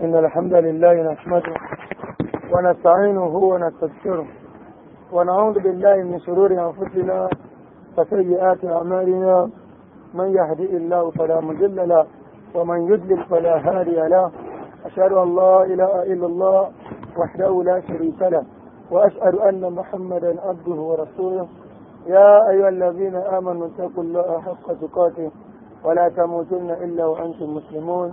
إن الحمد لله نحمده ونستعينه ونستغفره ونعوذ بالله من شرور أنفسنا وسيئات أعمالنا من يهدئ الله فلا مضل له ومن يضلل فلا هادي له أشهد أن لا إله إلا الله وحده لا شريك له وأشهد أن محمدا عبده ورسوله يا أيها الذين آمنوا اتقوا الله حق تقاته ولا تموتن إلا وأنتم مسلمون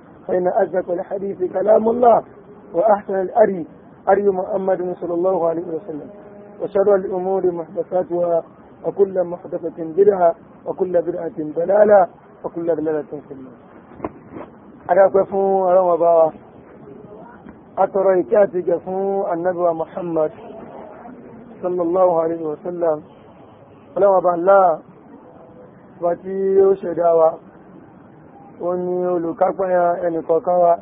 فإن أزك الحديث كلام الله وأحسن الأري أري محمد صلى الله عليه وسلم وشر الأمور محدثاتها وكل محدثة بدعة وكل بدعة ضلالة وكل ضلالة في النار أنا كفو رمضان أتريك كفو النبي محمد صلى الله عليه وسلم رمضان لا وتي شداوة ó ní olùkápẹ́yà ẹnìkọ̀ọ̀kan wa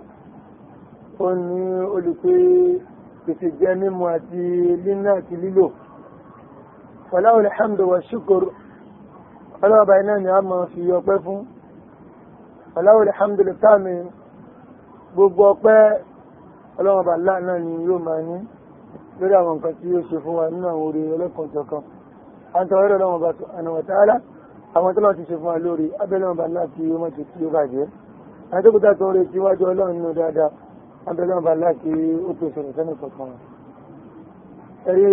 ó ní olùpé pèsè jẹ́ mímu àti lílá àti lílò pẹ̀lú alhamdu wa shukuru ọlọ́ọ̀bá iná ni a máa fi ọpẹ́ fún pẹ̀lú alhamdu lítàmì gbogbo ọpẹ́ ọlọ́ọ̀bá láàánà ni yóò máa ní lórí àwọn nǹkan tí yóò ṣe fún wa nínú àwọn orí ọlọ́kan jọ̀kan àtàwọn ọlọ́ọ̀bá subhanahu wa àwọn tó lọ́n ti ṣe fún wa lórí abẹ́lẹ́ ọba láti ọmọ tó tí ó bàjẹ́ àtẹ́kùtà tó rẹ̀ síwájú ọlọ́run nínú dáadáa abẹ́lẹ́ ọba láti ó tó ṣẹlẹ̀ sẹ́nu kọ̀ọ̀kan ẹ̀rí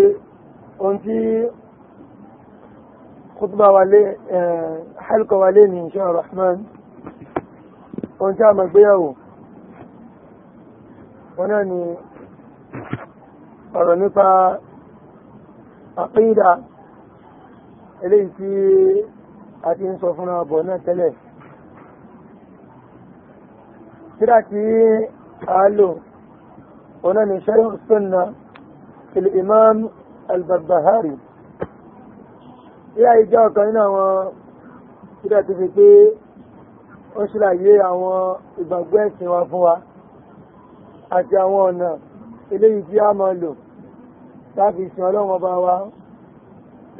ohun tí kútùbà wálé hálùkọ̀ wálé ní iṣẹ́ rahman ohun tí a máa gbéyàwó wọn náà ni ọ̀rọ̀ nípa àpídà eléyìí tí a ti ń sọ fúnra ọbọ̀ náà tẹ́lẹ̀ tíra tí a lò ọ̀nà ni sharh sunna fil imam al-barbahari tíra ìjọ ọ̀kan nínú àwọn tíra ti fi pé ó ṣílàyé àwọn ìgbàgbọ́ ẹ̀sìn wa fún wa àti àwọn ọ̀nà eléyìí tí a máa lò láti sin ọlọ́run ọba wa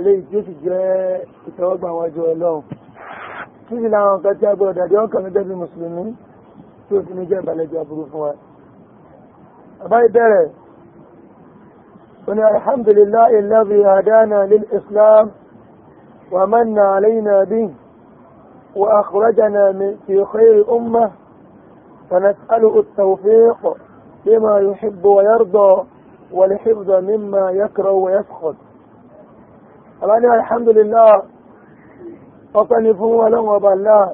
eléyìí tí ó sì jẹ́ ìtẹ́wọ́gbà wájú ọlọ́run kí sì làwọn nǹkan tí a gbọ́dọ̀ dàbí ọkàn mi jẹ́bi mùsùlùmí tí ó fi ní jẹ́ ìbàlẹ̀jọ aburú fún wa. bàbá ìbẹ̀rẹ̀ wọn alhamdulillah alladhi hadana lil islam wa manna alayna bihi wa akhrajana fi khayri ummah فنسأله التوفيق لما يحب ويرضى والحفظ مما يكره ويسخط àwọn ní alhamdulillah ọpẹ́ ni fún ọlọ́run ọba náà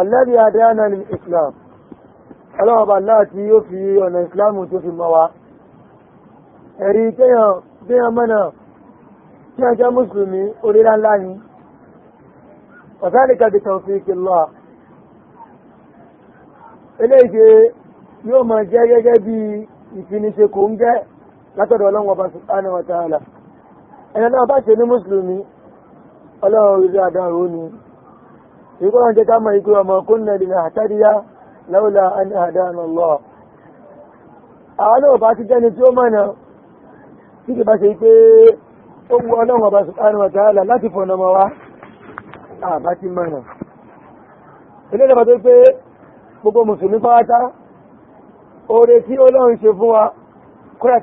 alẹ́bí adéhánà ní islam ọlọ́run ọba náà tí yóò fi ọ̀nà islam tó fi mọ́ wa ẹ̀rí kéèyàn kéèyàn mọ́nà kí wọ́n jẹ́ mùsùlùmí oríra ńlá ni ọ̀gáríkà bí tawfiq Allah eléyìí yóò máa jẹ́ gẹ́gẹ́ bí ìfiniṣe kò ń jẹ́ látọ̀dọ̀ ọlọ́run ọba subhanahu wa ta'ala ẹ̀yàn náà bá ṣe ní mùsùlùmí ọlọ́run rí dáadáa rò ní ìgbọ́n wọn jẹ́ ká mọ̀ ìgbé ọmọ kúnnà ìdìnà àtàdíyá lọ́wọ́lá ẹni àdáàna lọ àwọn náà bá ti jẹ́ni tí ó mọ̀nà tí kì bá ṣe pé ó wu ọlọ́run ọba subhanahu wa ta'ala láti fọ̀nà mọ́ wa àbá ti mọ̀nà ilé ìjọba tó pé gbogbo mùsùlùmí pátá oore tí ọlọ́run ṣe fún wa kúrò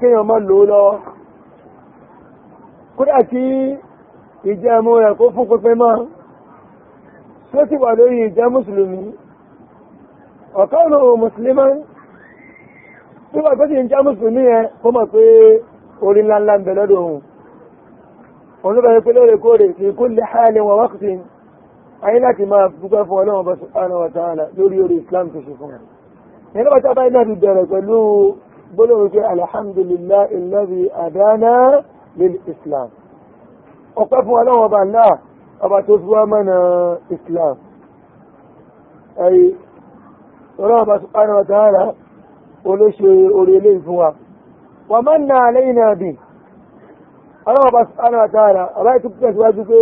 kódà kí ìjẹmú rẹ̀ kó fún pípẹ́ mọ́ tó ti wà lórí ìjẹ́ mùsùlùmí ọ̀kọ́nù mùsùlùmí tí wà tó ti ń jẹ́ mùsùlùmí ẹ kó mọ̀ pé orí ńláńlá ń bẹ lọ́dọ̀ òun òun ló bẹ̀rẹ̀ pé lóòrèkóòrè kì í kó lè háàlì wọn wákùtì ayé láti máa dúpẹ́ fún ọlọ́run bá subhanahu wa ta'ala lórí orí islam tó ṣe fún ẹ nínú bàtà báyìí náà lil islam ọpẹ́ fún ọlọ́wọ́ ọba náà ọba tó fi wá mọ́nà islam ẹ̀yí ọlọ́wọ́ ọba subhanahu wa ta'ala olóṣe orí ilé fún wa wà mọ́ nà lẹ́yìn náà bì ọlọ́wọ́ ọba subhanahu wa ta'ala ọba ètò tẹ̀síwájú pé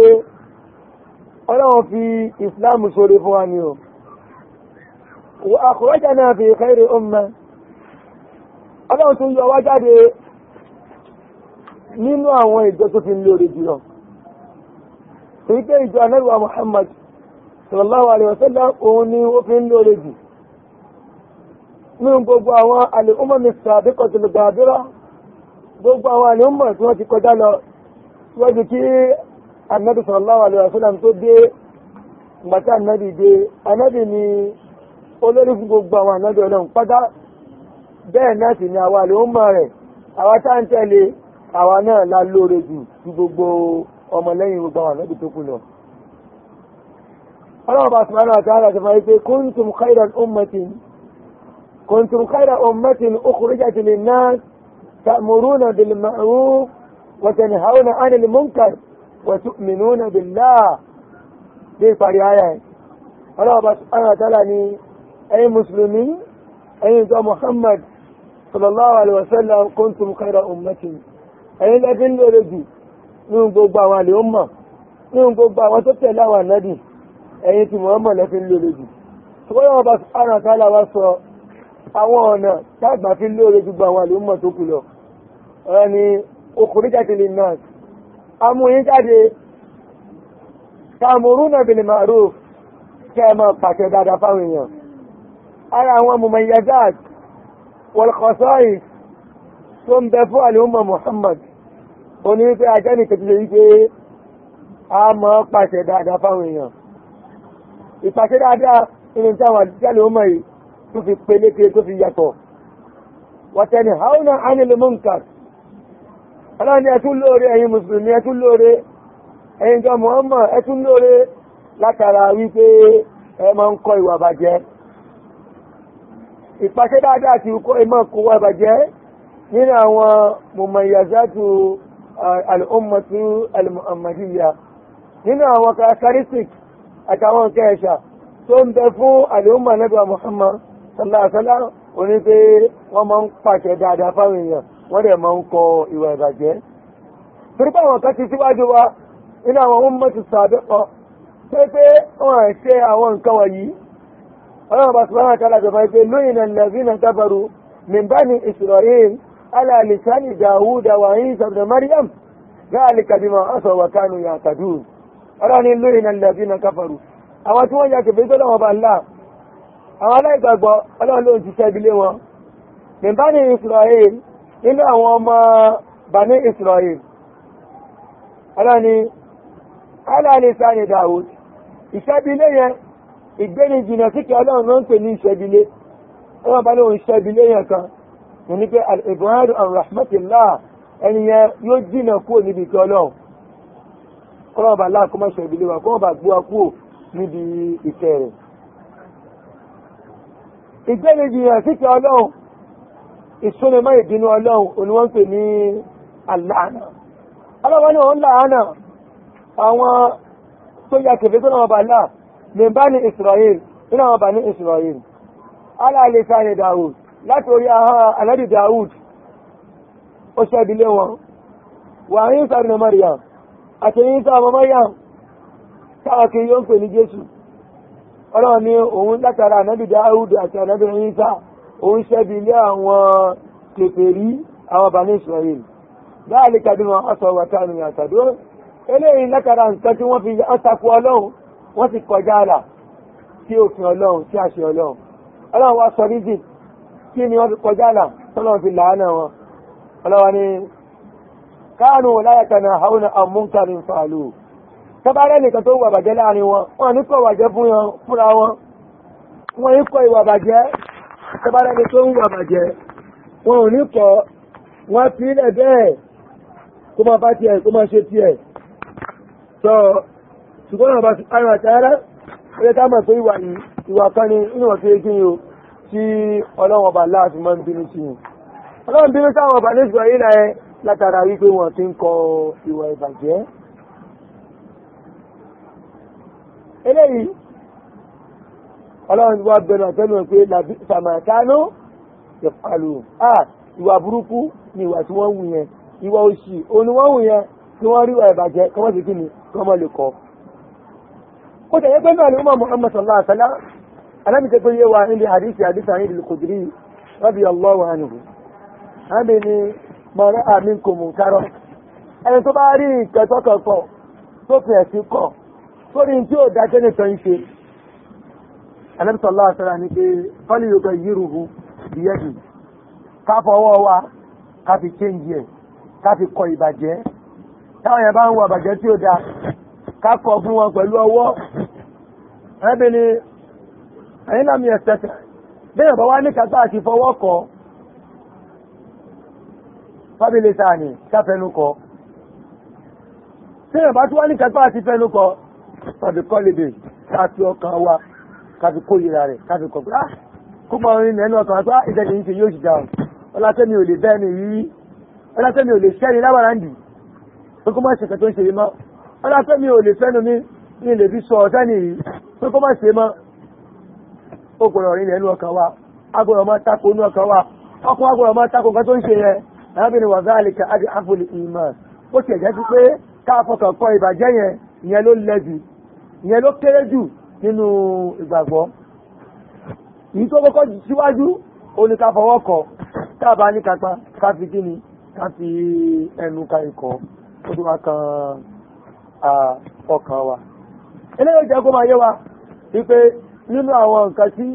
ọlọ́wọ́ fi islam sórí fún wa ni o wa akhrajna fi khayri umma ọlọ́wọ́ tó yọ wá jáde nínú àwọn ìjọ tó fi ń jùlọ torí pé ìjọ anẹ́wà Muhammad sallallahu alaihi wasallam òun ni ó fi ń jù nínú gbogbo àwọn àlèkúnmọ̀ mr abikọ̀tìlù gbàdúrà gbogbo àwọn àlèkúnmọ̀ tí wọ́n ti kọjá lọ síwájú kí anẹ́bí sallallahu alaihi wasallam tó dé gbàtí dé ni olórí fún gbogbo àwọn anẹ́bí ọlọ́run pátá bẹ́ẹ̀ náà sì ni àwọn àlèkúnmọ̀ rẹ̀ àwọn àwa náà la lóore jù ju gbogbo ọmọlẹ́yìn gbogbo àwọn ànábì tó kù lọ. ọlọ́run bá subhanahu wa ta'ala ti fà yí pé kuntum khayra ummatin kuntum khayra ummatin ukhrijat lin-nas ta'muruna bil-ma'ruf wa tanhawna 'anil munkar wa tu'minuna billah bí ìparí ayé ọlọ́run bá subhanahu wa ta'ala ni ẹ̀yin mùsùlùmí ẹ̀yin tó Muhammad sallallahu alaihi wa sallam kuntum khayra ummatin. ẹ̀yin lẹ́bí ń lóore jù nínú gbogbo àwọn àlè ó mọ̀ nínú gbogbo àwọn tó tẹ̀lé àwọn ànádì ẹ̀yin tí wọ́n mọ̀ lẹ́bí ń lóore jù ṣùgbọ́n yóò bá ara tálà wá sọ àwọn ọ̀nà tágbà fi ń lóore jù gbogbo àwọn àlè ó mọ̀ tó kù lọ ọ̀rọ̀ ni okùnrin jáde lè nà amúyín jáde ta'muruna bil ma'ruf kẹ́ ẹ máa pàṣẹ dáadáa fáwọn èèyàn ara àwọn mumayyazat wal khasa'is tó ń bẹ fún àlè ó mọ̀ Muhammad ó ní wípé ajẹ́nì kejìlẹ̀ wípé a mọ́ pàṣẹ dáadáa fáwọn èèyàn ìpàṣẹ dáadáa inú tí àwọn àdìjálè ọmọ yìí tó fi peléke tó fi yàtọ̀ wọ́tẹ́ni haúnà ánìlú mọ́ǹkà ọlọ́ni ẹtún lóore ẹ̀yin mùsùlùmí ẹtún lóore ẹ̀yin jọ mọ́ọ́mọ̀ ẹtún lóore látara wípé ẹ máa ń kọ́ ìwà bàjẹ́ ìpàṣẹ dáadáa ti kọ́ ẹ máa bàjẹ́ nínú àwọn mọ̀mọ̀ ìyàzátù al'ummatu al-muhammadiyya nínú àwọn characteristic àtàwọn kẹ́ẹ̀ṣà tó ń bẹ fún al'umma nabi muhammad sallallahu alaihi wasallam oní pé wọ́n máa ń pàṣẹ dáadáa fáwọn èèyàn wọ́n dẹ̀ máa ń kọ ìwà ìbàjẹ́ torí báwọn kan ti síwájú wa nínú àwọn ummatu sabiqah pé pé wọ́n ṣe àwọn nǹkan wọ̀nyí ọlọ́run bá subhanahu wa ta'ala jọba pé lóyìn nàìjíríà tábàrù min bani israel على لسان داوود وعيسى بن مريم ذلك بما عصوا وكانوا يعتدون ọlọ́ni lóyìn alẹ́bínà káfàrú àwọn tí wọ́n yà kẹfẹ́ tó lọ́wọ́ bá ńlá àwọn aláìgbàgbọ́ ọlọ́run ló ń ti sẹ́bílé wọn nìbáni Israel nínú àwọn ọmọ bani Israel ọlọ́ni aláìsá ni Dawud ìsẹ́bílé yẹn ìgbéni jìnnà síkẹ́ ọlọ́run ló ń pè ní ìsẹ́bílé ọlọ́run bá lóun ìsẹ́bílé yẹn kan mo ní pé al-ibrahim ar-rahmatillah ẹni yẹn yóò jìnà kúrò níbi ìkẹ́ ọlọ́run kọ́lọ́wọ́ bá láàkó má ṣe ìbílẹ̀ wa kọ́wọ́ bá gbó wa kúrò níbi ìkẹ́ rẹ̀. ìgbẹ́ni jìyàn síkẹ́ ọlọ́run ìsúnimọ́ ìbínú ọlọ́run oníwọ́n ń pè ní àlànà ọlọ́wọ́ ní òun làánà láti orí ahọ́n anábì Dawud ó ṣẹ́bílé wọn wà ní ìsàrí na Maryam àti ní ìsàrí ọmọ Maryam káàkiri yóò ń pè ní Jésù ọlọ́run ní òun látara anábì Dawud àti anábì Ìsá òun ṣẹ́bílé àwọn kèfèrí àwọn bani Israel báàlì kàdínà ọ̀sọ̀ wàtà ní àtàdó eléyìí látara nǹkan tí wọ́n fi ọ́sàkú ọlọ́run wọ́n sì kọjá àlà sí òfin ọlọ́run sí àṣẹ ọlọ́run ọlọ́run wa sọ rízìn kí ni wọ́n fi kọjá là tọ́lọ́ fi làánà wọn ọlọ́wà ni káànù láyàtà náà haúnà àmúkàrí fàálù tọ́bárẹ́ nìkan tó wà bàjẹ́ láàrin wọn wọn ní kọ̀ wàjẹ́ fúnra wọn wọn ní kọ̀ ìwà tọ́bárẹ́ ni tó ń wà bàjẹ́ ò ní kọ̀ wọn fi ilẹ̀ bẹ́ẹ̀ kó máa bá tiẹ̀ kó máa ṣe tiẹ̀ tọ́ ṣùgbọ́n àwọn àbá ara tààrà ká mọ̀ pé ìwà yìí ìwà kan ni inú ọ̀sẹ̀ yìí tí ọlọ́run ọba láàfi máa ń bínú sí wọn ọlọ́run bínú sáwọn ọba ní ìṣòro ilẹ̀ ẹ látara wípé wọn ti ń kọ ìwà ìbàjẹ́ eléyìí ọlọ́run wá bẹnu àtẹnu pé làbí sàmàkánú ìpàlù à ìwà burúkú ni ìwà tí wọ́n wù yẹn ìwà òṣì òun ni wọ́n wù yẹn tí wọ́n rí ìwà ìbàjẹ́ kọ́mọ́sí kí ni kọ́mọ́ lè kọ́ ó tẹ̀yẹ́ pé náà ni wọ́n mọ̀ Muhammad sallallahu alaihi wasallam alábi tẹ́ pé yé wa níbi àdìsí àdìsí àyìn ìlúkòdìrí rọ́bì ọlọ́wọ́ ànìbù àbí ni mọ̀rẹ́ àmì kò mú kárọ̀ ẹni tó bá rí nǹkan tọkàn kọ tó fi ẹ̀sìn kọ sórí tí ó dájẹ́ nìkan ń ṣe alábi sọ̀lá àṣàrà ni pé fọ́lì yorùbá yìírù hu ìyẹ́dì ká fọwọ́ wa ká fi chéǹjì ẹ̀ ká fi kọ ìbàjẹ́ táwọn yẹn bá ń wọ àbàjẹ́ tí ó dáa ká kọ fún wọn pẹ̀lú ọwọ́ ẹ̀bí ni ẹ̀yìn lámì ẹ̀sẹ̀sẹ̀ bẹ́ẹ̀ bọ̀ wá ní kàtà àti fọwọ́ kọ fábílẹ̀ sáàni káfẹnukọ bẹ́ẹ̀ bá tí wá ní kàtà àti fẹnukọ tàbí kọ́lébè káfí ọkàn wa káfí kórìíra rẹ̀ káfí kọ̀ọ̀kọ́ ah kó mọ orin nẹ́nu ọkàn wa pé ah ìṣẹ̀lẹ̀ yìí ṣe yóò ṣì dáhùn ọlátẹ́mi ò ni yìí ọlátẹ́mi ò ó gbọ́dọ̀ rí ilẹ̀ inú ọkàn wa agbọ́dọ̀ máa tako inú ọkàn wa ọkùn agbọ́dọ̀ máa tako nǹkan tó ń ṣe yẹn arábìnrin wàzáàlìkà àti àfọlì ìmọ̀ ó ti ẹ̀jẹ̀ sí pé káàfọkàn kọ ìbàjẹ́ yẹn ìyẹn ló lẹ jù ìyẹn ló kéré jù nínú ìgbàgbọ́ yìí tó kọ́kọ́ síwájú ó ní ká fọwọ́ kọ káàbá ní kápá ká fi kí ni ká fi ẹnu ka ikọ̀ ó ti wá kan ọkàn wa eléyìí jẹ́ kó máa yé wa wípé nínú àwọn nǹkan tí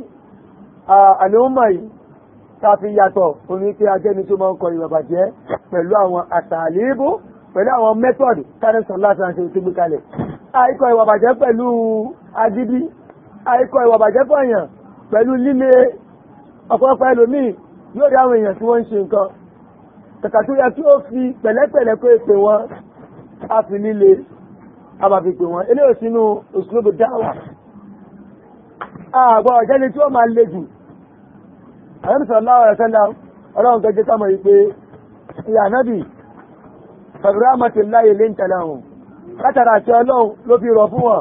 àlèhùnmọ̀ yìí tàfi yàtọ̀ omi pé ajẹ́ni tó máa ń kọ ìwà bàjẹ́ pẹ̀lú àwọn àtàlébó pẹ̀lú àwọn mẹ́tọ̀dì kárẹ́sàn láti ránṣẹ́ tó gbé kalẹ̀ àìkọ ìwà bàjẹ́ pẹ̀lú agídí àìkọ ìwà bàjẹ́ fọ̀yàn pẹ̀lú líle ọ̀pọ̀lọpọ̀ ẹlòmíì yóò rí àwọn èèyàn tí wọ́n ń ṣe nǹkan kàkà tó yẹ kí ó fi pẹ̀lẹ́pẹ̀lẹ́ pé pé wọ́n á fi líle á bá eléyìí sínú òṣèlú dáwà àgbà ọ̀jẹ́ni tí ó máa le jù àrẹ́mìsọ̀láwà ẹ̀sẹ́lá ọlọ́run gẹ́gẹ́ kọmọ̀ wípé ìyànábì fẹ̀rẹ̀mọ̀tì láyé lè ń tẹ̀lé wọn látara àti ọlọ́run ló fi rọ̀ fún wọn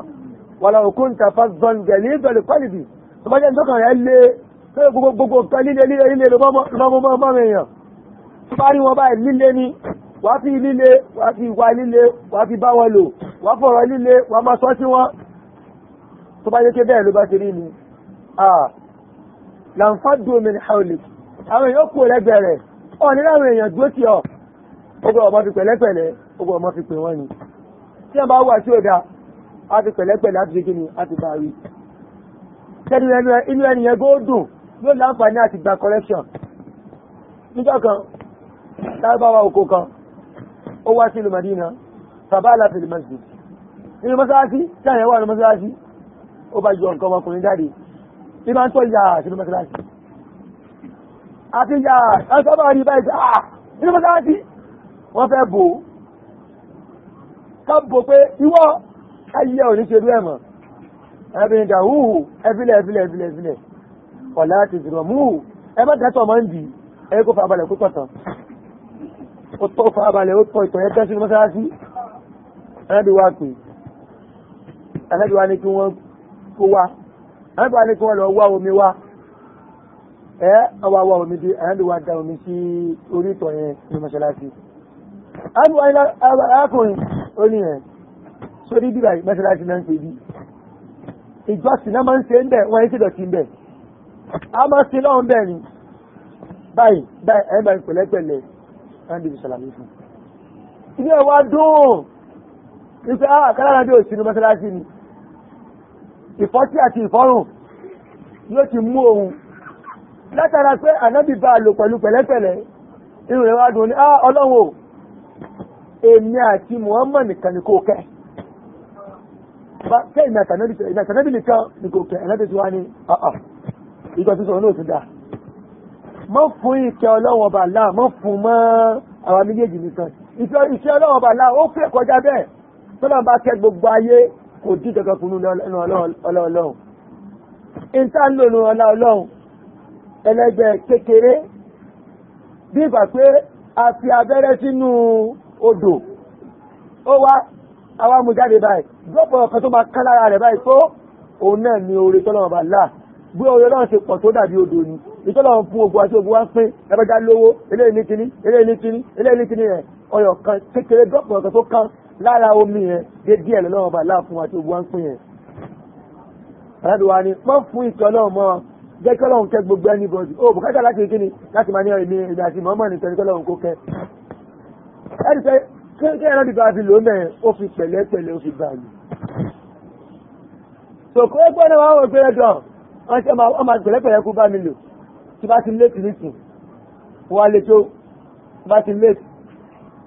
wà láwọn kún tàfà zọ́n gẹ̀lì ìbẹ̀lẹ̀ kọ́lìbì tó bá jẹ́ ní tókàn rẹ̀ lé tó gbogbo nǹkan líle líle líle lọ́mọmọ èèyàn tó bá rí wọn báyìí líle ni wà á fi líle wà á fi ìwà líle wà á fi bá wọn lò wà á fọ̀rọ̀ líle wà á máa sọ sí wọn tó bá yẹ kí bẹ́ẹ̀ ló bá ti rí ni Ah, lànfàdùn mi ní haúlì àwọn èèyàn kú lẹ́gbẹ̀ẹ́ rẹ̀ ọ̀ nílẹ̀ àwọn èèyàn dúró sí ọ ogun ọmọ fi pẹ̀lẹ́pẹ̀lẹ́ ogun ọmọ fi pè wọ́n ni tí wọ́n bá wà tí ó da a fi pẹ̀lẹ́pẹ̀lẹ́ àti gíní àti bá rí tẹ́lú ẹnu inú ẹni yẹn gbó dùn yóò láǹfààní àti gba correction níjọ́ kan lárúbáwá oko kan ó wá sí ìlú Madina bàbá aláfẹ́lẹ́ masjid nínú mọ́sáàsì tí àyẹ̀wò àwọn mọ́sáàsì ó bá ju nǹkan ọmọkùnrin jáde tí máa ń tọ́ ìyá ìṣẹ́lú mẹ́sàlásì àti ìyá ẹ̀sọ́bà rí báyìí àà ìṣẹ́lú mẹ́sàlásì wọ́n fẹ́ bò ká bò pé ìwọ ayé òní ṣe rú ẹ̀mọ̀ ẹbìnrin dà húhù ẹfilẹ̀ ẹfilẹ̀ ẹfilẹ̀ àbá ní kí wọ́n lọ wá omi wá ẹ́ ọwọ́ wá omi bí wá da omi sí orí ìtọ̀ yẹn ní mọ́ṣáláṣí arákùnrin ó ní sórí bíbà mọ́ṣáláṣí náà ń pè bí ìjọsìn náà máa ń ṣe ń bẹ̀ wọ́n yẹn ti dọ̀tí ń bẹ̀ a máa ṣe lọ́wọ́ bẹ́ẹ̀ ni báyìí báyìí bí fún ilé wá dùn àkàrà ah, náà bí òsínú ni ìfọ́tí àti ìfọ́rùn yóò ti mú òun látara pé ànábì bá lò pẹ̀lú pẹ̀lẹ́pẹ̀lẹ́ inú rẹ̀ wá dùn ní ah ọlọ́run o èmi àti Muhammad nìkan ní kò kẹ́ kẹ́ ìmì àtànábì nìkan ní kò kẹ́ ẹ̀lẹ́bì tí wá ní ọ̀ọ̀ ìgbà tó sọ̀rọ̀ náà ti dà mọ́ fún ìkẹ́ ọlọ́run ọba láà mọ́ fún mọ́ àwọn méjèèjì nìkan ìfẹ́ ọlọ́run ọba láà ó fẹ́ kọjá bẹ́ẹ̀ tọ́lọ́ bá kẹ́ gbogbo ayé kò dín kankan fún nínú ọlá ọlọ́run ìta ń lò nínú ọlá ọlọ́run ẹlẹ́gbẹ́ kékeré bí ìgbà pé a fi abẹ́rẹ́ sínú odò ó wá àwa mú jáde báyìí gbọ́pọ̀ ọ̀kan tó máa ká lára rẹ̀ báyìí tó òun náà ni oore tọ́lọ́wọ́ bá láà bí oore náà ṣe pọ̀ tó dàbí odò ni ìtọ́lọ́wọ́ fún ogun àti ogun wá ń pín ẹgbẹ́já lówó eléyìí ní kíní eléyìí ní kíní eléyìí ní kíní rẹ̀ ọyọ̀ kan kékeré gbọ́pọ̀ ọ̀kan tó kán lára omi yẹn dédé ẹ̀ lọ́wọ́ bá láàfún wa tó wá ń pín yẹn. àládùn wa ni wọ́n fún ìtọ́ náà mọ́ ọ jẹ́ kí ọlọ́run kẹ́ gbogbo ẹni bọ́ọ̀dù ó bùkátà láti kí ni láti máa ní ẹ̀mí ìgbà àti mọ́mọ́ nìkan ní kọ́lọ́run kó kẹ́. ẹni pé kí ẹ̀rọ dìbò àti lò mẹ́rin ó fi pẹ̀lẹ́ pẹ̀lẹ́ ó fi bà mí. sòkò ẹgbẹ́ náà wà wọ́n gbé ẹjọ́ wọ́n ṣe ọmọ pẹ̀lẹ́ pẹ̀lẹ́ kú bá mi lò tí bá ti létí nìsín wọ́n á lè tó bá ti létí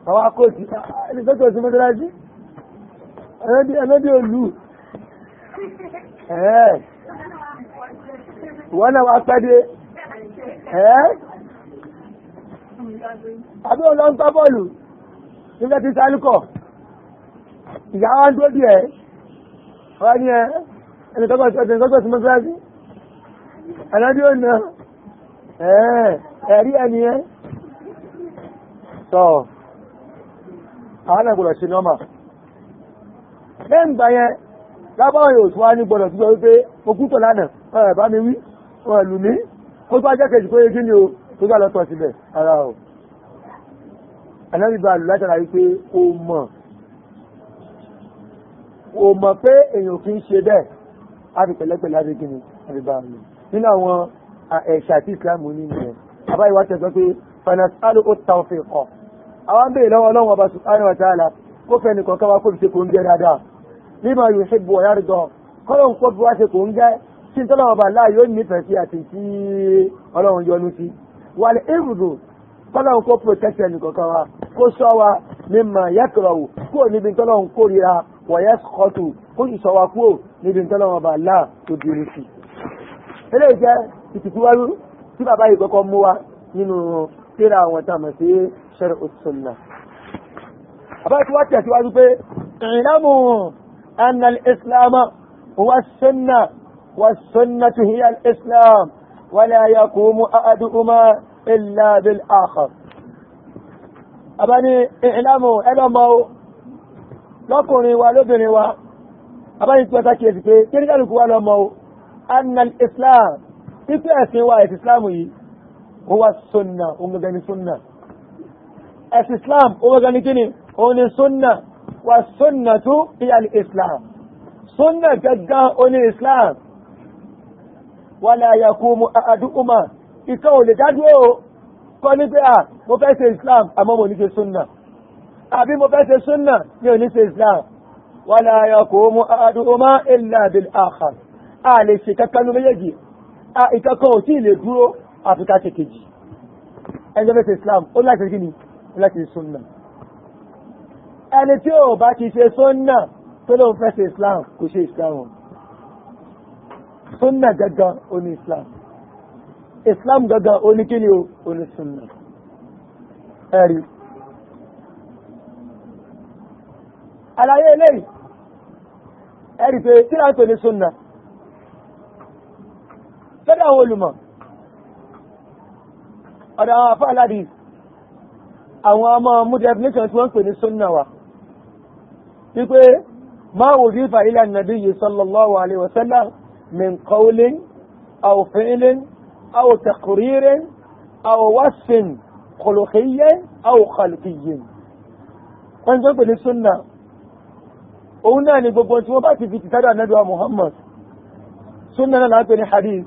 àwọn akóòtù ẹni tó tọ̀sí mọ́tàlájí ẹlẹ́dí olú ẹ̀ẹ́ wọ́n náà wá pẹ́dé ẹ̀ẹ́ àbí olú ń gbá bọ́ọ̀lù nígbà tí sálùkọ̀ ìyá wa ń tó di ẹ̀ wọ́n ní ẹ̀ ẹni tó tọ̀sí mọ́tàlájí ẹlẹ́dí olú náà ẹ̀ẹ́ ẹ̀rí ẹni ẹ̀ sọ̀rọ̀ àwọn náà gbọ́dọ̀ ṣe nọ́mà lẹ́yìn gbà yẹn lábáwọn yóò tún wá ní gbọ́dọ̀ tún sọ wípé ogúntọ̀ lánàá ọ̀rọ̀ bá mi wí ọ̀rọ̀ lù mí ó tó ajẹ́ kejì pé kí ni o tó gbà lọ́tọ̀ síbẹ̀ ara o anábìbà lù látara wípé o mọ̀ o mọ̀ pé èèyàn kì í ṣe bẹ́ẹ̀ á fi pẹ̀lẹ́pẹ̀lẹ́ láti àwọn ń bèèrè lọ́wọ́ ọlọ́wọ́ ọba subhanahu wa ta'ala kó fẹ́ nìkan ká wá kó fi ṣe kò ń jẹ dáadáa nígbà yóò ṣe bu ọ̀yá rẹ̀ kọ́lọ́n kó fi wá ṣe kò ń jẹ tí tọ́lọ́wọ́ ọba láà yóò nífẹ̀ẹ́ sí àti tí ọlọ́run yọ́nú sí wà ní ìrùdù kọ́lọ́n kó protect ẹnìkan ká wá kó sọ wa mímọ yàtọ̀rọ̀wò kúrò níbi tọ́lọ́run kórira wọ̀yẹ́ kọ́tù kó sì sọ wa kúrò níbi tọ́lọ́run ọba láà tó di orí sí. eléyìí jẹ́ ìtìtúwárú tí bàbá yìí kọ́kọ́ mú wa nínú tíra àwọn tá a mọ̀ sí ṣẹ́rẹ̀ òṣùnà àbáyé tí wá tẹ̀síwájú pé ìrìnàmù annal islam wa sunna wa sunnatu hiya al islam wala yaqumu ahaduhuma illa bil akhar abani ìrìnàmù ẹlọ́mọ lọ́kùnrin wa lóbìnrin wa abáyé tí wọ́n sá kíyèsí pé kí ní kálukú wa lọ́mọ annal islam ìfẹ́ ẹ̀sìn wa ẹ̀sìn islam yìí huwa sunna òun gangan ni sunna ẹ̀sìn islam ó gangan ni kíni òun ni sunna wà sunna tó fi àlè islam sunna gangan ó ní islam wala yakumu ahaduhuma ìkan ò lè dádúró kọ́ ní pé à mo fẹ́ ṣe islam àmọ́ mo ní ṣe sunna àbí mo fẹ́ ṣe sunna ní òní ṣe islam wala yakumu ahaduhuma illa bil akhar a lè ṣe kankan ní méjèèjì ìkankan ò tí ì lè dúró áfíríkà ṣe kejì ẹni fẹ́ ṣe islam ó láti ṣe kíni ó láti ṣe sunna ẹni tí ò bá ti ṣe sunna tó lóun fẹ́ ṣe islam kò ṣe islam o sunna gangan ó ní islam islam gangan ó ní kíni o ó ní sunna ẹ̀rí àlàyé eléyìí ẹ̀rí pé kí láǹpẹ̀ ní sunna lọ́dọ̀ àwọn olùmọ̀ ọ̀dọ̀ àwọn afá aládìí àwọn ọmọ mú definition tí wọ́n pè ní súnnà wa wípé máa wò sí ìfà ilẹ̀ nàbí yìí sallallahu alaihi wasallam min qawlin aw fi'lin aw taqririn aw wasfin khuluqiyyin aw khalqiyyin wọ́n tó pè ní súnnà òun náà ni gbogbo tí wọ́n bá ti fi ti sádà nàbí Muhammad súnnà náà láti ní hadith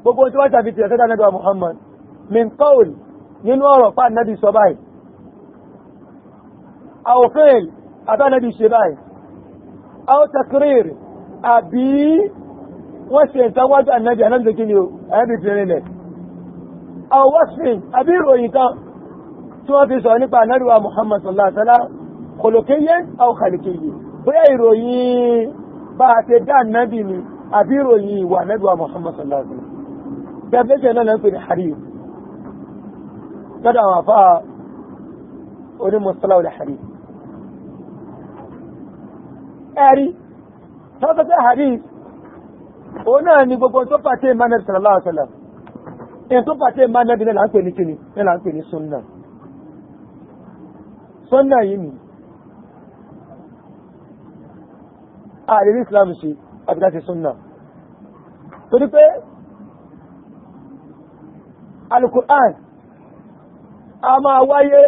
gbogbo tí wọ́n ti fi ti sádà nàbí Muhammad min qawl nínú ọ̀rọ̀ pa nabi sọ báyìí aw fi'l àbá nabi ṣe báyìí aw takrir àbí wọ́n ṣe nǹkan wájú ànábì ànábì tó kíni o ànábì fi rinlẹ̀ aw wasfin àbí ìròyìn kan tí wọ́n fi sọ nípa ànábì wa muhammad sallallahu alaihi wa sallam khuluqiyyan aw khaliqiyyan bóyá ìròyìn bá a ṣe dá ànábì ni àbí ìròyìn ìwà ànábì wa muhammad sallallahu alaihi wa sallam náà lẹ́nu pé ní lọ́dọ̀ àwọn àfá onímọ̀sọ́lá olè hadith ẹ̀rí tọ́tọ́tọ́ hadith o náà ni gbogbo tó pàtẹ́ manad sallallahu alaihi wasallam in tó pàtẹ́ manad ní là ń pè ní kíni ní là ń pè ní sunna sunna yìí ni àrírí islam ṣe àbíká ti sunna torí pé alukur'an a máa wáyé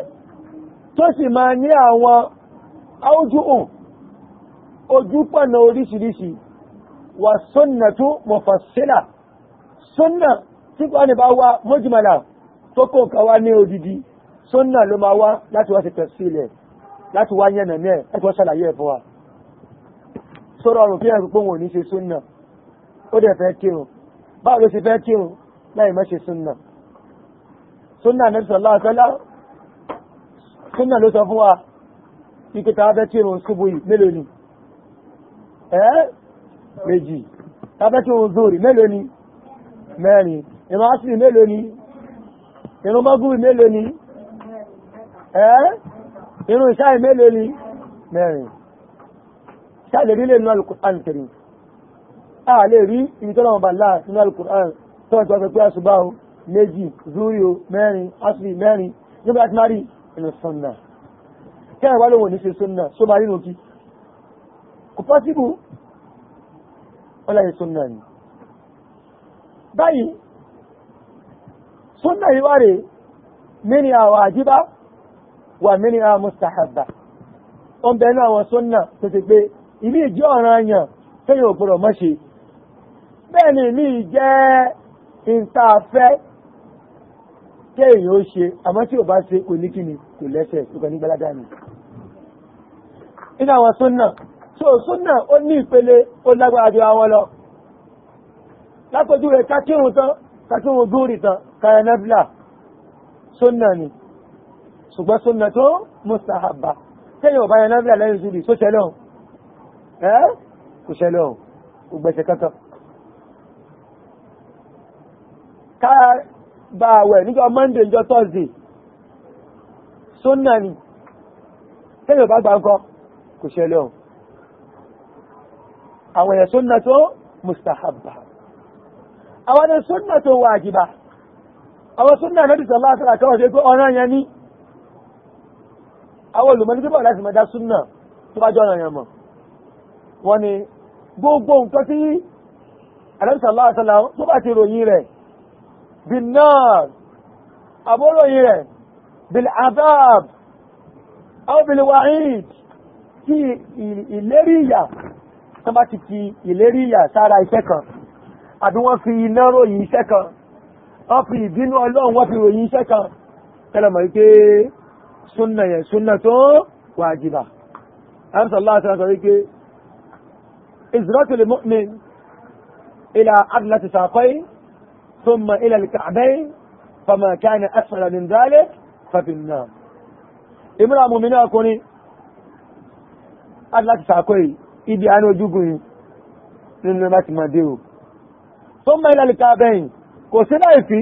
tó sì máa ní àwọn áójú hùn ojú pọ̀nà oríṣiríṣi wà sọ́nà tó mọ̀fàṣílà sọ́nà tí kò ní bá wá mọ́jùmọ̀lá tó kò kà wá ní odidi sọ́nà ló máa wá láti wá sí tẹ̀sílẹ̀ láti wá yẹnà ní ẹ̀ láti wá ṣàlàyé ẹ̀ fún wa súnà nẹ́bí sọ̀lá àṣẹ́lá súnà ló sọ fún wa ìkẹta abẹ́ tí òun ṣubú yìí mélòó ni ẹ́ méjì abẹ́ tí òun zòrì mélòó ni mẹ́rin ìmọ̀ asìrì mélòó ni irun mọ́gúrì mélòó ni ẹ́ irun ìṣáì mélòó ni mẹ́rin ṣáà lè rí lè nú alùkùrán kiri a lè rí ibi tọ́lọ́mọba láà nínú alùkùrán tọ́ọ̀tọ́ pẹ̀pẹ́ àṣùbáhùn méjì zúríò mẹ́rin asìlì mẹ́rin nígbà láti máa rí inú sunna kẹ́rẹ̀ wá lóhun ní ṣe sunna só bá nínú kí kò pọ́síbù wọ́n láyé sunna ni báyìí sunna yìí wá rè mini àwọn àjíbá wà mini àwọn mustahabba ó ń bẹ̀rẹ̀ àwọn sunna tó pé ilé ìjọ ọ̀ràn àyàn tẹ́yìn òpòrò mọ́ ṣe bẹ́ẹ̀ ni ilé ìjẹ́ ìntàfẹ́ tẹ́ èèyàn ó ṣe àmọ́ tí ò bá ṣe kò ní kíni kò lẹ́sẹ̀ ìgbà ní ni. nínú àwọn súnà so súnà ó ní ìpele ó lágbára ju àwọn lọ lápòjú rẹ̀ kákírun tán kákírun gúrì tán kayanabla súnà ni ṣùgbọ́n súnà tó mustahaba tẹ́yìn ọ̀bá yanabla lẹ́yìn zuri tó ṣẹlẹ̀ ọ̀hún ẹ́ kò ṣẹlẹ̀ ọ̀hún kò gbẹ̀ṣẹ̀ kankan bá àwẹ̀ níjọ́ monday níjọ́ thursday sunna ni tẹ́lẹ̀ bá gbà ń kọ́ kò ṣẹlẹ̀ ọ̀hún àwọn èèyàn sunna tó mustahabba àwọn èèyàn sunna tó wàjibà àwọn sunna náà ti sọ̀lá àṣírà kan ọ̀ṣẹ́ pé ọ̀ràn yẹn ní àwọn olùmọ̀ ní pípọ̀ láti mẹ́ta sunna tó bá jọ ọ̀ràn yẹn mọ̀ wọ́n ní gbogbo nǹkan tí àlẹ́sọ̀lá àṣírà tó bá ti ròyìn rẹ̀ بالنار أبولوية بالعذاب أو بالوعيد في إليريا كما تكي إليريا سارة إشكا أدوان في نارو إشكا أفي دينو الله وفي روي إشكا كلمة يكي سنة سنة واجبة أمس الله سبحانه وتعالى إزرات المؤمن إلى عدلة ساقين ثم إلى الكعبين فما كان أسفل من ذلك ففي النار امرأة مؤمنة أكوني أدلت ساكوي إبي أنا وجوبني nínú láti máa dé o tó mọ́ ilẹ̀ ìka abẹ́yìn kò sí náà ìfí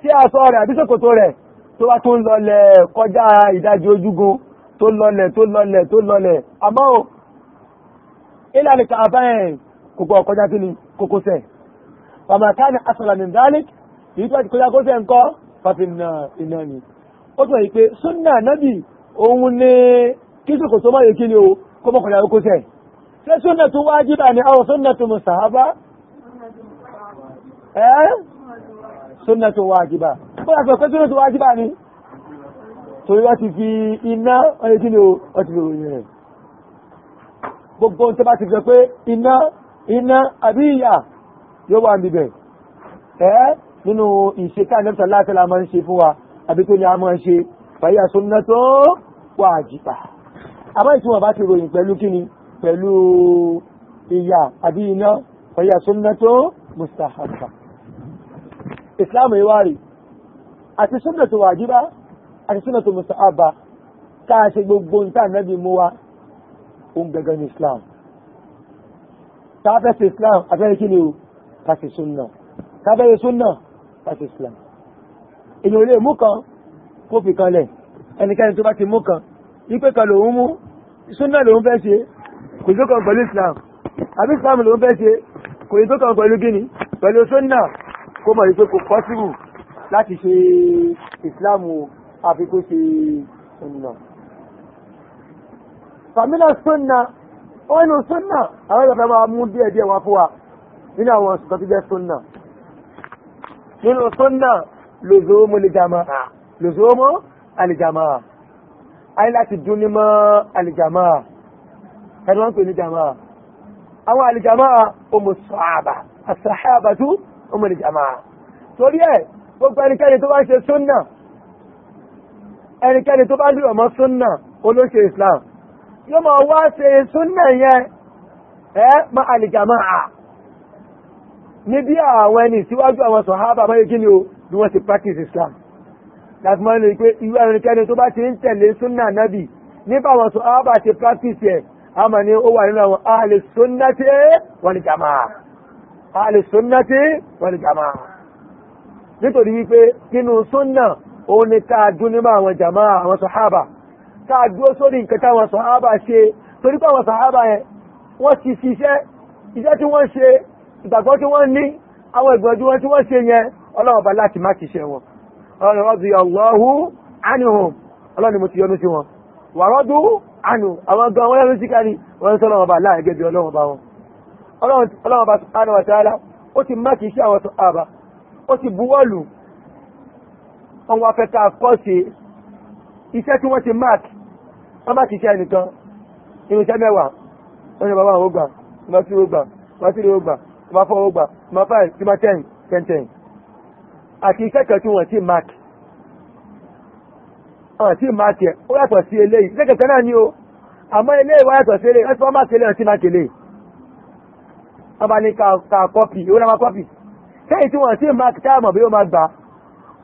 sí aṣọ rẹ̀ àbí ṣòkòtò rẹ̀ tó wá tó ń lọlẹ̀ kọjá ìdajì ojúgun tó lọlẹ̀ tó lọlẹ̀ tó lọlẹ̀ àmọ́ ilẹ̀ ìka abẹ́yìn kò gbọ́ kọjá kí ni kókósẹ̀ fàmà káàní asọ̀rọ̀ ní dálík èyí tó ti kọjá kó fẹ́ ń kọ́ fàfin iná ni ó tún yìí pé súnà nábì òun ni kí sòkòtò má yẹ kí ni o kó mọ̀ kọjá kó sẹ̀ ṣé súnà tó wájìbà ni àwọn súnà tó mùsàhábà ẹ́ súnà tó wájìbà ó ni torí wá ti fi iná ọyẹ kí ni o ọ ti ròyìn rẹ̀ gbogbo ohun sọ pé iná iná àbí ìyà yóò wà níbẹ̀ ẹ́ nínú ìṣe ká nẹ́bí sàlá àtàlà máa ń ṣe fún wa àbí tó ní a máa ń ṣe fàyà súnná tó wà jìpà àmọ́ ìtumọ̀ bá ti ròyìn pẹ̀lú kíni pẹ̀lú ìyà àbí iná fàyà súnná tó mustahabba islam yìí wá rí àti súnná tó wà jìbá àti súnná tó mustahabba ká ṣe gbogbo nǹkan nẹ́bí mú wa ó ń gẹ́gẹ́ ní islam tá a fẹ́ ṣe islam àfẹ́ kí ni o ká sunna, súnà kábẹ́rẹ́ súnà ká ṣe islam èèyàn lè mú kan kó fi kan lẹ̀ ẹnikẹ́ni tó bá ti mú kan wípé kan lòun mú súnà lòun fẹ́ ṣe kò tó pẹ̀lú islam àbí islam lòun fẹ́ ṣe kò tó kan pẹ̀lú gíní pẹ̀lú súnà kó mọ̀ wípé kò pọ́sibù láti ṣe islam o àfi kó ṣe súnà. fàmílà súnà ó inú súnà àwọn ìjọba máa mú díẹ̀díẹ̀ wá fún wa nínú àwọn ọ̀sùn kan tó jẹ́ sunna nínú sunna lòzòómù lìjàmà lòzòómù àlìjàmà ayé láti dún ní mọ́ àlìjàmà ẹni wọ́n ń pè ní jàmà àwọn àlìjàmà ọmọ sọ̀hábà àsàhábà tó ọmọ àlìjàmà torí ẹ̀ gbogbo ẹnikẹ́ni tó bá ń ṣe sunna ẹnikẹ́ni tó bá ń dúró mọ́ sunna olóṣè islam yóò máa wá ṣe sunna yẹn ẹ máa àlìjàmà à níbi àwọn ẹni síwájú àwọn sọ̀hábà máa yẹ kí ni o bí wọ́n ti practice Islam láti máa ń lè pé irú ẹnikẹ́ni tó bá ti ń tẹ̀lé súnà nábì nípa àwọn sọ̀hábà ti practice ẹ̀ a máa ní ó wà nínú àwọn ahli sunnati wal jamaa ahli sunnati wal jamaa nítorí wípé nínú súnà òun ni ká dún nímọ̀ àwọn jamaa àwọn sọ̀hábà ká dúró sórí nǹkan táwọn sọ̀hábà ṣe torí pé àwọn sọ̀hábà yẹn wọ́n ti ṣiṣẹ́ iṣẹ́ tí wọ́n ṣe ìgbàgbọ́ tí wọ́n ní àwọn ìgbàgbọ́ wọn tí wọ́n ṣe yẹn ọlọ́run ọba láti má ti ṣe wọn ọlọ́run rọ́dù ọlọ́hu ánìhùn ọlọ́run mo ti yọ́nú sí wọn wà rọ́dù ánù àwọn gan wọn yọ́nú sí kárí wọn sọ ọlọ́run ọba láàgẹ́ bí ọlọ́run ọba wọn ọlọ́run ọba sùpánù wà tààlà ó ti má ti ṣe àwọn tó àbá ó ti buwọ́lù wọn wá fẹ́ ká kọ́ sí iṣẹ́ tí wọ́n ti mark wọ́n bá ti ṣe ẹnìkan irinṣẹ́ mẹ́wàá wọ́n ní bàbá àwọn ó gbà wọ́n bá sí ó gbà wọ́n bá sí ó gbà ma fọ́wọ́ gbà ma five tí ma ten ten ten àti ìkẹ́kẹ̀ẹ́ tí wọ́n ti mark àwọn tí mark yẹ ó yàtọ̀ sí eléyìí ìkẹ́kẹ̀ẹ́ náà ni o àmọ́ eléyìí wọ́n yàtọ̀ sí eléyìí wọ́n ti fọ́ mark eléyìí wọ́n ti mark eléyìí wọ́n bá ní ká kọ́pì ìwé náà kọ́pì sẹ́yìn tí wọ́n ti mark táàmù bí ó ma gbà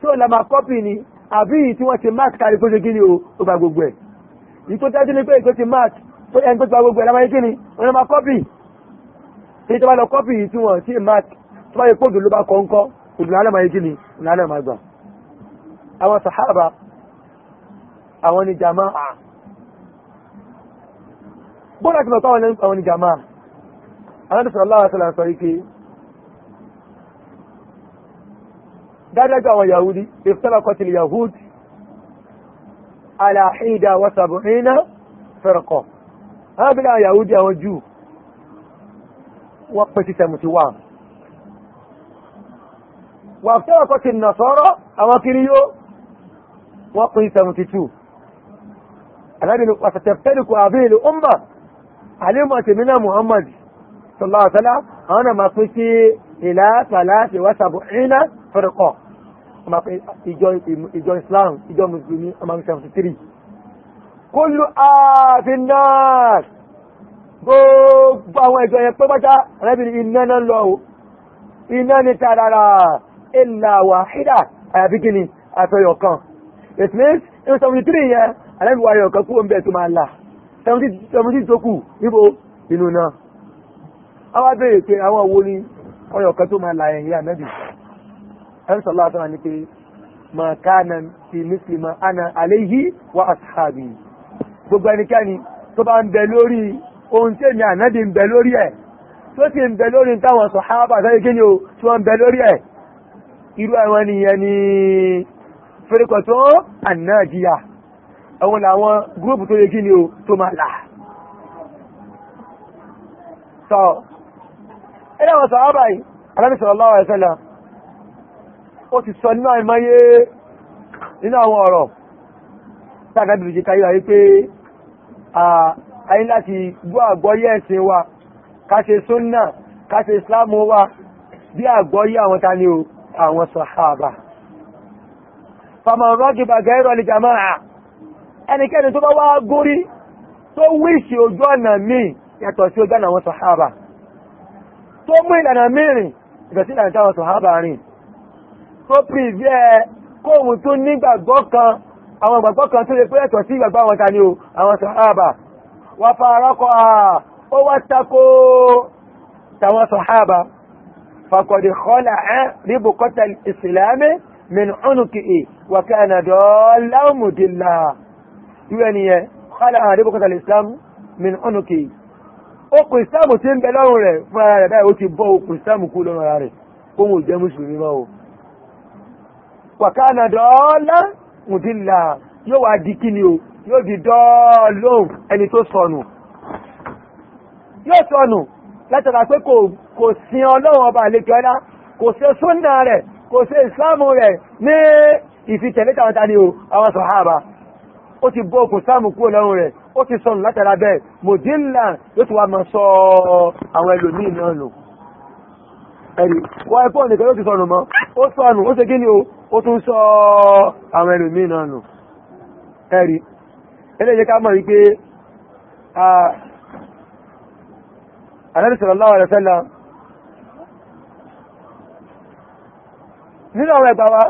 tí ó la ma kọ́pì ni àbí tí wọ́n ti mark kárí kó ṣe kí ni o ó gba gbogbo ẹ̀ ìtò tẹ́jú ni pé ìtò ti mark tó ẹni tó gba gbogbo ẹ̀ lábáyé kọ́pì èyí tó bá lọ kọ́pì yìí tí wọ́n tí mark tó bá yẹ kóòdù ló bá kọ́ ńkọ́ òdù lálẹ́ máa yé kí ni lálẹ́ máa gbà àwọn sàhábà àwọn ni jama'a bọ́lá ti lọ́tọ́ àwọn ni jama'a àwọn ìṣòro aláwọ̀ àti làǹsọ̀ ike dájájọ́ àwọn yahudi iftaraqatil yahud ala hida wa sab'ina firqa àwọn yahudi àwọn júù wọ́n pè sí seventy one wà fẹ́rọ̀kọ́ ti nà sọ́rọ̀ àwọn kiri yóò wọ́n pè sí seventy two alábìnú pàtàkì àbílù ọmọ alímọ̀ tèmínà Muhammad sallallahu alaihi wasallam àwọn àmà pín sí ìlà tàláàtì wásàbù ìlà fẹ́rẹ̀kọ́ ìjọ Islam ìjọ Mùsùlùmí ọmọ 73 kúlù ààfin náà gbogbo àwọn ẹ̀jọ yẹn pẹ́ pátá arábìnrin iná náà lọ o iná ní tààrà ìlà wàhídà àyàfi gini àfẹyọ̀ kan it means in seventy three yẹn arábìnrin wàyọ̀ kan kúrò ń bẹ̀ tó máa là seventy tó kù níbo inú náà àwọn abẹ́rẹ́ pé àwọn wo ni ọyọ̀ kan tó máa là ẹ̀yìn yà nẹ́bì ẹ̀rọ sọ̀lá àtọ́nà ni pé ma kana fi misli ma ana alayhi wa ashabi gbogbo ẹnikẹ́ni tó bá ń bẹ lórí ohun tí èmi ànábì ń bẹ lórí ẹ̀ tó sì ń bẹ lórí táwọn sọ̀hábà sáyé kí ni o tí wọ́n ń bẹ lórí ẹ̀ irú àwọn nìyẹn ni fẹ́rẹ́kọ̀ tó ànájíyà àwọn làwọn gúrùpù tó yẹ kí ni o tó máa là sọ ẹ̀rẹ́ àwọn sọ̀hábà yìí alábi sallallahu a ní láti gbọ́ àgbọ́yé ẹ̀sìn wa ká ṣe súnnà ká ṣe islamu wa bí àgbọ́yé àwọn ta ni o àwọn sàhábà fàmà rọ́gì bàgẹ́ ìrọ̀lì jama'a ẹnikẹ́ni tó bá wá górí tó wíṣì ojú ọ̀nà míì yàtọ̀ sí ojú ọ̀nà àwọn sàhábà tó mú ìlànà mìíràn ìgbẹ̀sí ìlànà tí àwọn sàhábà rìn tó pìrìvì ẹ kóhun tó nígbàgbọ́ kan àwọn ìgbàgbọ́ kan tó lè pé ẹ̀tọ̀ sí ìgbàgbọ́ àwọn ta ni àwọn sàhábà wà fàárọ́kọ̀ à ó wá takó tàwọn sọ̀hábà fàkọ̀dì kọ́là ẹ́ ríbù kọ́tà ìsìlámi min ọ̀nùkì ì wà kánà dọ́ọ́lámùdìlà ìwé nìyẹn kọ́là ẹ́ ríbù kọ́tà ìsìlámi min ọ̀nùkì ì okùn ìsìlámù ti wà kánà dọ́ọ́lámùdìlà yóò wá di kíni o yóò di dọ́ọ̀lóhùn ẹni tó sọnù yóò sọnù látara pé kò sin ọlọ́run ọba àlejò ọlá kò ṣe súnà rẹ̀ kò ṣe ìsìláàmù rẹ̀ ní ìfitẹ̀lé tàwọn tani o àwọn sọ̀háàbà ó ti bó okùn sáàmù kúrò lọ́rùn rẹ̀ ó ti sọnù látara bẹ́ẹ̀ mòdínlà ló ti wá máa sọ àwọn ẹlòmíì náà nù ẹ̀rì wọ́n ẹ̀kọ́ nìkan ló ti sọnù mọ́ ó sọnù ó ṣe kí ni o sọ àwọn ẹlòmíì ẹ̀rì eléyẹ ká mọ̀ wípé Ànábì sallallahu alaihi wasallam nínú àwọn ẹgbà wa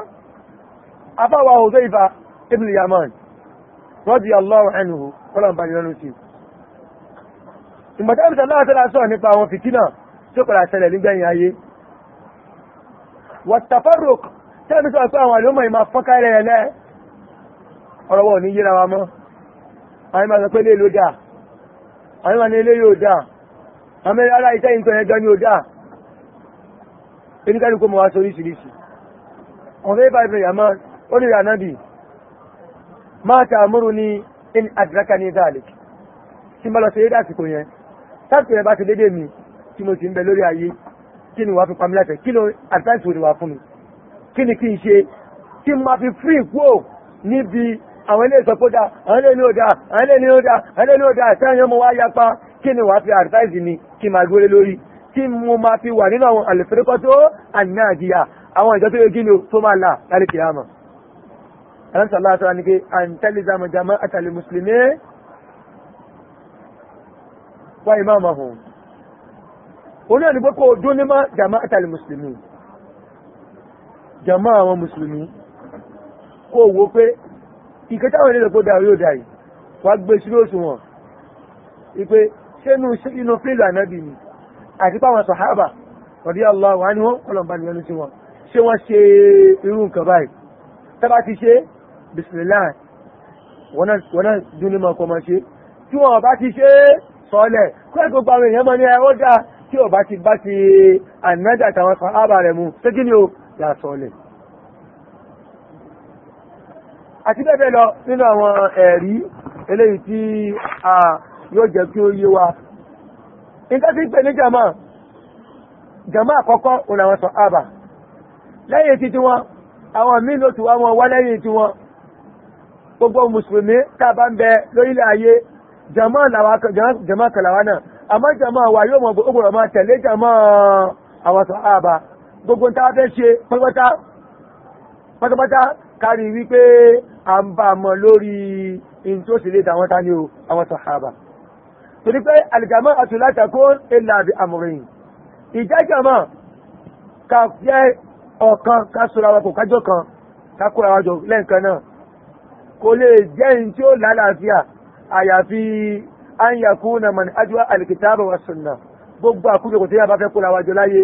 afáwà Hudayfa ibn Yaman radiyallahu anhu kọ́lọ̀mbà yọ́nù sí ìgbàtà Ànábì sallallahu alaihi wasallam sọ nípa àwọn fìtínà tí ó padà ṣẹlẹ̀ nígbẹ̀yìn ayé wàtàfàrùk tẹ́lẹ̀ sọ pé àwọn àlùmọ̀ ìmọ̀ fọ́nkárẹ̀ ẹ̀lẹ́ ọ̀rọ̀wọ̀ ní yíra wa mọ́ àwọn ìmọ̀ sọ pé lè ló dáa àwọn ìmọ̀ ní ilé yóò dáa àwọn mẹ́rin ara iṣẹ́ ìtọ́ yẹn ni ó dáa oníkẹ́ni kó mọ̀ wá sórí ṣìríṣì ọ̀n fẹ́ báyìí bẹ̀rẹ̀ àmọ́ ó lè rànà bì máa ta àmúrù ní in àdìrákà ní dáàlìk tí mo lọ sí eré àsìkò yẹn táàkì yẹn bá ti dédé mi tí mo àwọn ilé ìsọpọ́dà àwọn ilé ní ọ̀dà àwọn ilé ní ọ̀dà àwọn ilé ní ọ̀dà àti àwọn ọmọ wa yapa kí ni wàá fi advertise mi kí máa gbólé lórí tí mo máa fi wà nínú àwọn àlùfẹ́rẹ́kọ́ tó àníyànjíyà àwọn ìjọ tó yẹ kí ni tó máa là lálẹ́ kìí àmọ́. aláǹsà aláàtọ́ ni pé àǹtẹ́lẹ́sàmù jama àtàlẹ́ mùsùlùmí wá ìmáàmù ọ̀hún. òun náà ni pé kò dún ní má jama ìkẹtàwọn ilé lọ́pọ̀ dàrú yóò dàrí wà gbé sí lóṣù wọn ìpé sẹ́nu inú fílù ànábì ni àti pàwọn sàhábà ọ̀dí allah wà ní wọn kọlọ̀mbà nìyẹn sí wọn ṣé wọ́n ṣe irú nǹkan báyìí tábà ti ṣe bismillah wọn náà dún ní mọ̀ọ́kọ́ máa ṣe tí wọn bá ti ṣe sọ́ọ̀lẹ̀ kọ́ẹ̀ gbogbo àwọn èèyàn àti bẹ́ẹ̀ lọ nínú àwọn ẹ̀rí eléyìí tí a yóò jẹ́ kí ó yé wa nǹkan tí ń pè ní jama jama àkọ́kọ́ òun àwọn sọ àbà lẹ́yìn títí wọn àwọn míì ló ti wá wọn wá lẹ́yìn tí wọn gbogbo mùsùlùmí tá a bá ń bẹ lórílẹ̀ ayé jama kan làwa náà àmọ́ jama wa yóò mọ̀ gbogbo máa tẹ̀lé jama àwọn sọ àbà gbogbo tá a fẹ́ ṣe pátápátá kárí wípé à ń bá a mọ lórí in tó sì lè tàwọn tani o àwọn sàhábà torí pé àlìgàmọ́ àtúnláta kó èlà àbí àmọ̀rìn ìjájàmọ́ ká jẹ́ ọ̀kan ká sọ̀rọ̀ àwọn kòkájọ́ kan ká kóra wájọ lẹ́ǹkan náà kò lè jẹ́ in tí ó lálàáfíà àyàfi an yakuna man ajwa alkitaba wa sunna gbogbo àkójọ kò tí a bá fẹ́ kóra wájọ láyé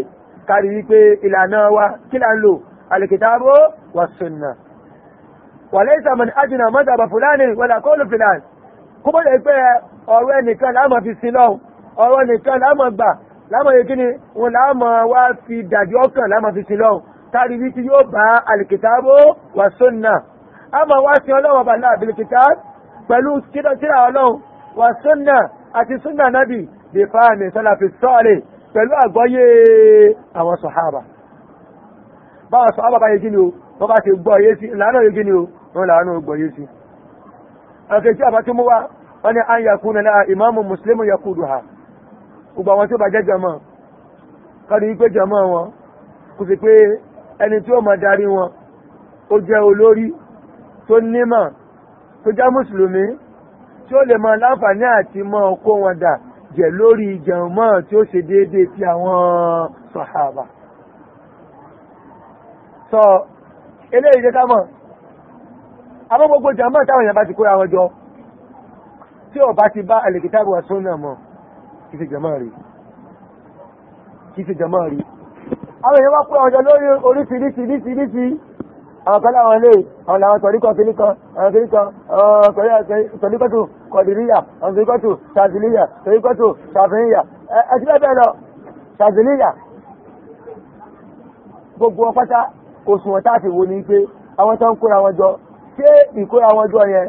kárí wípé ìlànà wa kí là ń lò alkitaba wa sunna wàlẹ́sà mọ̀ ní àjìnà mọ́tàbà fúlàní wọ̀dà kọ́ọ̀lù fìlàn kó bọ́ jẹ́ pé ọ̀rọ̀ ẹnìkan láàmà fi sin lọ́hùn ọ̀rọ̀ ẹnìkan láàmà gbà láàmà yẹ kíni wọn láàmà wá fi dàbí ọkàn láàmà fi sin lọ́hùn táàrí bí tí yóò bá alìkìtàbó wà sọ́nà àmà wá sin ọlọ́wọ́ bàlá àbìlìkìtà pẹ̀lú kíra ọlọ́hùn wà sọ́nà àti sọ́nà nábì lè fa àmì ìlànà yẹ kíni o wọn làánú gbọ̀yé sí akẹ́kẹ́ àbátí mú wá wọ́n ni an yakú na náà imamu muslimu ya kúrò ha gbogbo àwọn tí ó bá jẹ́ jama kọ́ni wípé jama wọn kò sì pé ẹni tí ó máa darí wọn ó jẹ́ olórí tó nímọ̀ tó jẹ́ mùsùlùmí tí ó lè máa láǹfààní àti máa kó wọn dà jẹ́ lórí jama tí ó ṣe déédéé ti àwọn sàhábà sọ eléyìí jẹ́ ká mọ̀ àmọ́ gbogbo jàmbá táwọn èèyàn bá ti kóra wọn jọ tí ọba ti bá àlèkìtàbù àsúnà mọ̀ kì í ṣe jàmbá rí kì í ṣe jàmbá rí àwọn èèyàn wá kóra wọn jọ lórí oríṣiríṣiríṣiríṣi àwọn kan láwọn ilé àwọn làwọn tọ̀ríkọ̀ kìíní kan àwọn kìíní kan tọ̀ríkọ̀tù kọ̀dìríyà àwọn tọ̀ríkọ̀tù ṣàzìlíyà tọ̀ríkọ̀tù ṣàfihìyà ẹtí bẹ́ẹ̀ bẹ́ẹ̀ lọ ṣàzìlíyà gbogbo ọpátá òṣùwọ̀n táàfì wo ni pé àwọn tó ń kóra wọn jọ ṣé ìkóra wọn jọ yẹn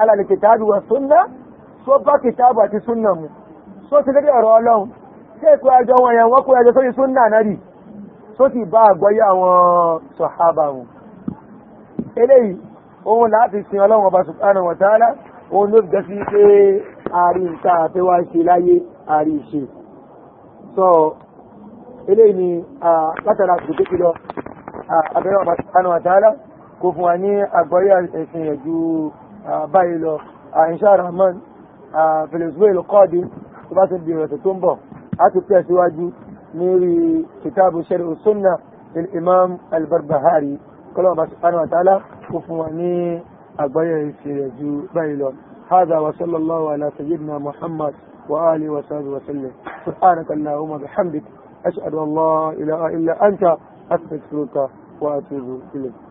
alàlẹ̀ kìtàbí wa súnná só bá kìtàbí àti súnná mu só ti lédè ọ̀rọ̀ ọlọ́run ṣé ìkóra jọ wọn yẹn wọ́n kóra jọ sórí súnná náà rí só ti bá àgbọ́yé àwọn sọ̀hábà wọn eléyìí ohun láti sin ọlọ́run ọba subhanahu wa ta'ala òun ló jẹ́ sí pé ààrí nǹkan àti wá ṣe láyé ààrí ìṣe sọ eléyìí ni látara kùtùkù lọ àbẹ̀rẹ̀ ọba subhanahu wa ta'ala kó fún wa ní àgbọ́yé ẹ̀sìn rẹ̀ ju báyìí lọ insha rahman venezuela kọ́ọ̀dì tó bá ti di ìrọ̀tẹ̀ tó ń bọ̀ á ti pẹ́ síwájú lórí kitabu sharh sunna lil imam al-barbahari kọ́lọ́mọba subhanahu wa ta'ala kó fún wa ní àgbọ́yé ẹ̀sìn rẹ̀ ju báyìí lọ. هذا وصلى الله على سيدنا محمد وآله وصحبه وسلم سبحانك اللهم بحمدك أشهد أن لا إله إلا أنت أستغفرك وأتوب إليك